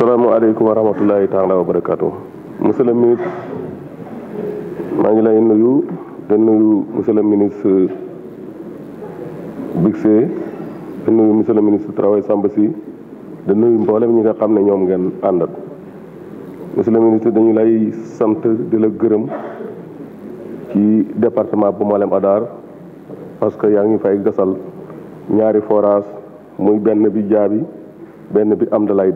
assalamualaikum warahmatullahi rahmatullahi taala wa barakaatu monsieur le ministre ngi lay nuyu de nuyu monsieur le ministre Bixé de nuyu monsieur le ministre travail Samba Sy da nuyu mbolam ñi nga xamné ñom ngeen monsieur ministre dañu lay sante di la gërëm ci département bu Adar parce que yaa ngi fay gassal ñaari forage muy benn bi jaabi benn bi am dalay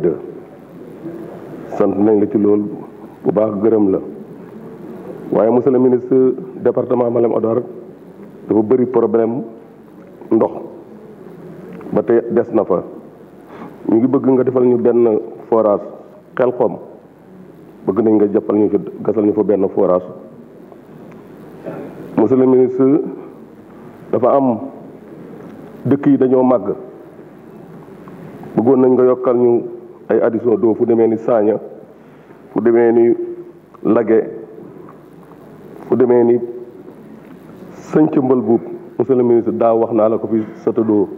sant nañ la ci lool bu baax gërëm la waaye monsieur le ministre département Malem Odor dafa bëri problème ndox ba tey des na fa ñu ngi bëgg nga defal ñu benn forage xel xom bëgg nañ nga jàppal ñu ci gasal ñu fa benn forage monsieur le ministre dafa am dëkk yi dañoo màgg bëggoon nañ nga yokkal ñu ay addiso do fu demee ni saaña fu demee ni lage fu demee ni sëñca mbël buub monsieur le ministre daa wax naa la ko fi sëta doo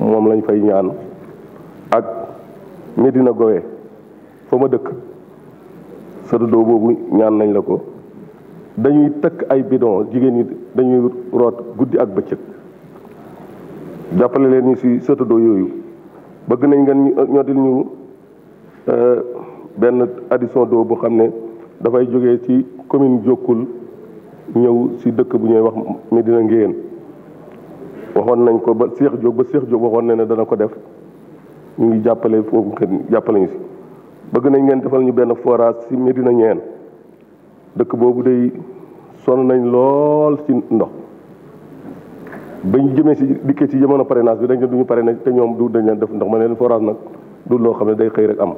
moom lañ fay ñaan ak medina gowe fa ma dëkk sëta doo boobu ñaan nañ la ko dañuy tëkk ay bidon jigéen ñi dañuy root guddi ak bëccëg jàppale leen ñi si sëta doo yooyu bëgg nañ nga ñotil ñu euh benn addition do bu xam da fay joggé ci commune jokul ñew ci dëkk bu ñoy wax Medina ngeen waxon nañ ko ba Cheikh jog ba Cheikh jog waxon na dana ko def ñu ngi jappalé fofu ngeen jappalé ñu ci bëgg nañ ngeen defal ñu benn forage ci Medina Ñeen dëkk bobu day son nañ lool ci ndox bañ jëmee ci dikké ci jëmono parrainage bi dañ ne duñu parrainage té ñom du dañ leen def ndox mané ne leen forage nak du lo xamné day xey rek am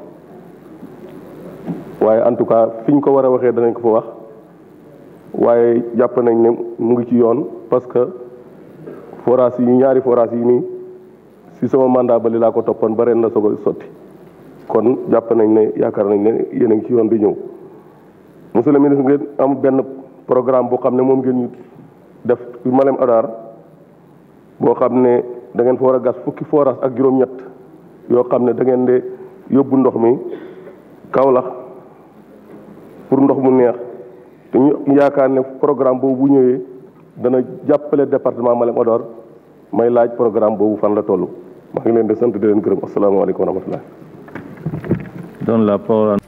waaye en tout cas fiñ ko wara waxé dañ ko fa wax waaye japp nañ né mu ngi ci yoon parce que forage yi ñaari forage yi ni ci sama mandat ba li la ko topone bare na sogo soti kon japp nañ né yaakar nañ né yéen ngi ci yoon bi ñew monsieur le ministre ngeen am ben programme bu xamné mom ngeen ñu def malem adar boo xam ne da fa war a gas fukki forage ak juróom-ñett yoo xam ne dangeen de yóbbu ndox mi Kaolack pour ndox mu neex te ñu yaakaar ne programme boobu bu ñëwee dana jàppale département Malem Hodar may laaj programme boobu fan la toll maa ngi leen di sant di leen gërëm asalaamaaleykum wa rahmatullah. Donne